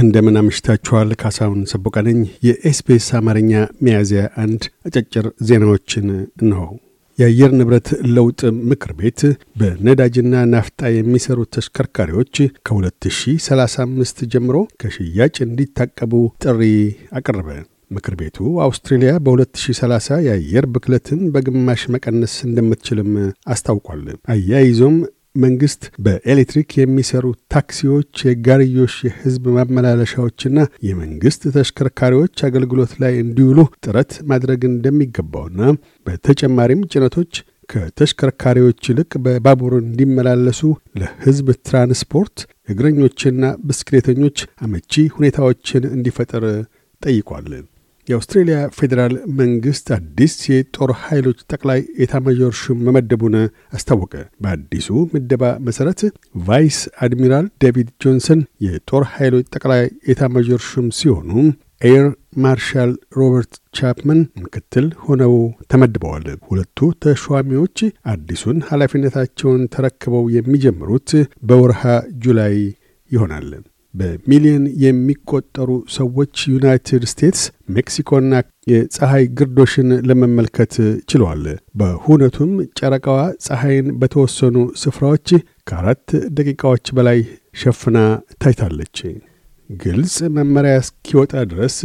እንደምን አምሽታችኋል። ካሳሁን ሰቦቃ ነኝ። የኤስፔስ አማርኛ ሚያዝያ አንድ አጫጭር ዜናዎችን ነው። የአየር ንብረት ለውጥ ምክር ቤት በነዳጅና ናፍጣ የሚሰሩ ተሽከርካሪዎች ከ2035 ጀምሮ ከሽያጭ እንዲታቀቡ ጥሪ አቀረበ። ምክር ቤቱ አውስትሬልያ በ2030 የአየር ብክለትን በግማሽ መቀነስ እንደምትችልም አስታውቋል። አያይዞም መንግስት በኤሌክትሪክ የሚሰሩ ታክሲዎች፣ የጋርዮሽ የህዝብ ማመላለሻዎችና የመንግስት ተሽከርካሪዎች አገልግሎት ላይ እንዲውሉ ጥረት ማድረግ እንደሚገባውና በተጨማሪም ጭነቶች ከተሽከርካሪዎች ይልቅ በባቡር እንዲመላለሱ ለህዝብ ትራንስፖርት እግረኞችና ብስክሌተኞች አመቺ ሁኔታዎችን እንዲፈጠር ጠይቋል። የአውስትሬልያ ፌዴራል መንግስት አዲስ የጦር ኃይሎች ጠቅላይ ኤታማዦር ሹም መመደቡን አስታወቀ። በአዲሱ ምደባ መሠረት ቫይስ አድሚራል ዴቪድ ጆንሰን የጦር ኃይሎች ጠቅላይ ኤታማዦር ሹም ሲሆኑ ኤር ማርሻል ሮበርት ቻፕመን ምክትል ሆነው ተመድበዋል። ሁለቱ ተሿሚዎች አዲሱን ኃላፊነታቸውን ተረክበው የሚጀምሩት በወርሃ ጁላይ ይሆናል። በሚሊዮን የሚቆጠሩ ሰዎች ዩናይትድ ስቴትስ፣ ሜክሲኮና የፀሐይ ግርዶሽን ለመመልከት ችለዋል። በሁነቱም ጨረቃዋ ፀሐይን በተወሰኑ ስፍራዎች ከአራት ደቂቃዎች በላይ ሸፍና ታይታለች። ግልጽ መመሪያ እስኪወጣ ድረስ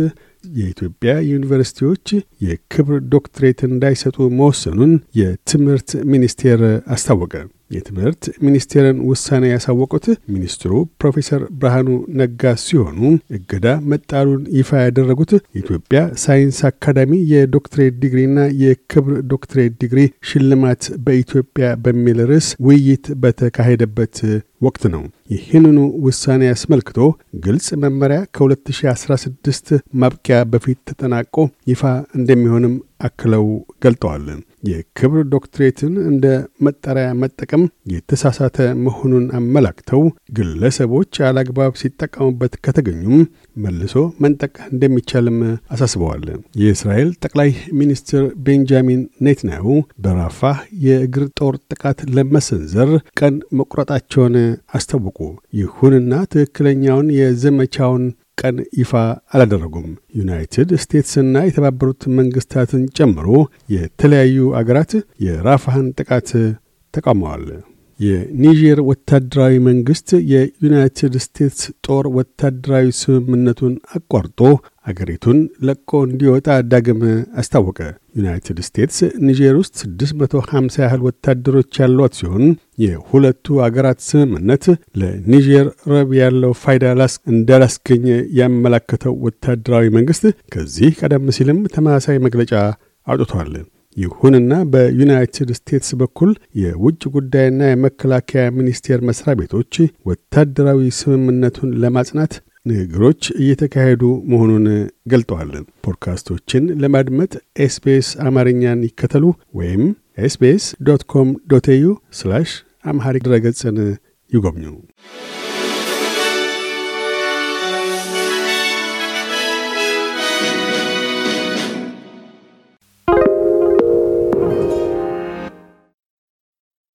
የኢትዮጵያ ዩኒቨርሲቲዎች የክብር ዶክትሬት እንዳይሰጡ መወሰኑን የትምህርት ሚኒስቴር አስታወቀ። የትምህርት ሚኒስቴርን ውሳኔ ያሳወቁት ሚኒስትሩ ፕሮፌሰር ብርሃኑ ነጋ ሲሆኑ እገዳ መጣሉን ይፋ ያደረጉት የኢትዮጵያ ሳይንስ አካዳሚ የዶክትሬት ዲግሪና የክብር ዶክትሬት ዲግሪ ሽልማት በኢትዮጵያ በሚል ርዕስ ውይይት በተካሄደበት ወቅት ነው። ይህንኑ ውሳኔ አስመልክቶ ግልጽ መመሪያ ከ2016 ማብቂያ በፊት ተጠናቆ ይፋ እንደሚሆንም አክለው ገልጠዋል። የክብር ዶክትሬትን እንደ መጠሪያ መጠቀም የተሳሳተ መሆኑን አመላክተው ግለሰቦች አላግባብ ሲጠቀሙበት ከተገኙም መልሶ መንጠቅ እንደሚቻልም አሳስበዋል። የእስራኤል ጠቅላይ ሚኒስትር ቤንጃሚን ኔትንያሁ በራፋህ የእግር ጦር ጥቃት ለመሰንዘር ቀን መቁረጣቸውን አስታወቁ። ይሁንና ትክክለኛውን የዘመቻውን ቀን ይፋ አላደረጉም። ዩናይትድ ስቴትስና የተባበሩት መንግስታትን ጨምሮ የተለያዩ አገራት የራፋህን ጥቃት ተቃውመዋል። የኒጀር ወታደራዊ መንግሥት የዩናይትድ ስቴትስ ጦር ወታደራዊ ስምምነቱን አቋርጦ አገሪቱን ለቆ እንዲወጣ ዳግም አስታወቀ። ዩናይትድ ስቴትስ ኒጀር ውስጥ 650 ያህል ወታደሮች ያሏት ሲሆን የሁለቱ አገራት ስምምነት ለኒጀር ረብ ያለው ፋይዳ ላስ እንዳላስገኘ ያመላከተው ወታደራዊ መንግሥት ከዚህ ቀደም ሲልም ተመሳሳይ መግለጫ አውጥቷል። ይሁንና በዩናይትድ ስቴትስ በኩል የውጭ ጉዳይና የመከላከያ ሚኒስቴር መስሪያ ቤቶች ወታደራዊ ስምምነቱን ለማጽናት ንግግሮች እየተካሄዱ መሆኑን ገልጠዋል። ፖድካስቶችን ለማድመጥ ኤስቤስ አማርኛን ይከተሉ ወይም ኤስቤስ ዶት ኮም ዶት ስላሽ አምሃሪክ ድረገጽን ይጎብኙ።